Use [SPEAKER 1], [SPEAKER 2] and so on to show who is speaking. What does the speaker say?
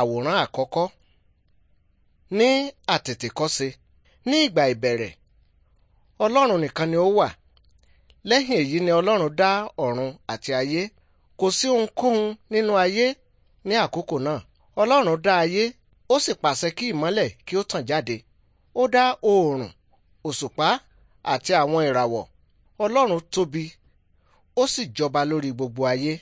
[SPEAKER 1] àwòrán àkọ́kọ́ ní àtètèkọ́ṣe ní ìgbà ìbẹ̀rẹ̀ ọlọ́run nìkan ni ó wà lẹ́yìn èyí ni ọlọ́run dá ọ̀run àti ayé kò sí ohunkóhun nínú ayé ní àkókò náà ọlọ́run dá ayé ó sì pàṣẹ kí ìmọ́lẹ̀ kí ó tàn jáde ó dá oòrùn òṣùpá àti àwọn ìràwọ̀ ọlọ́run tóbi ó sì jọba lórí gbogbo ayé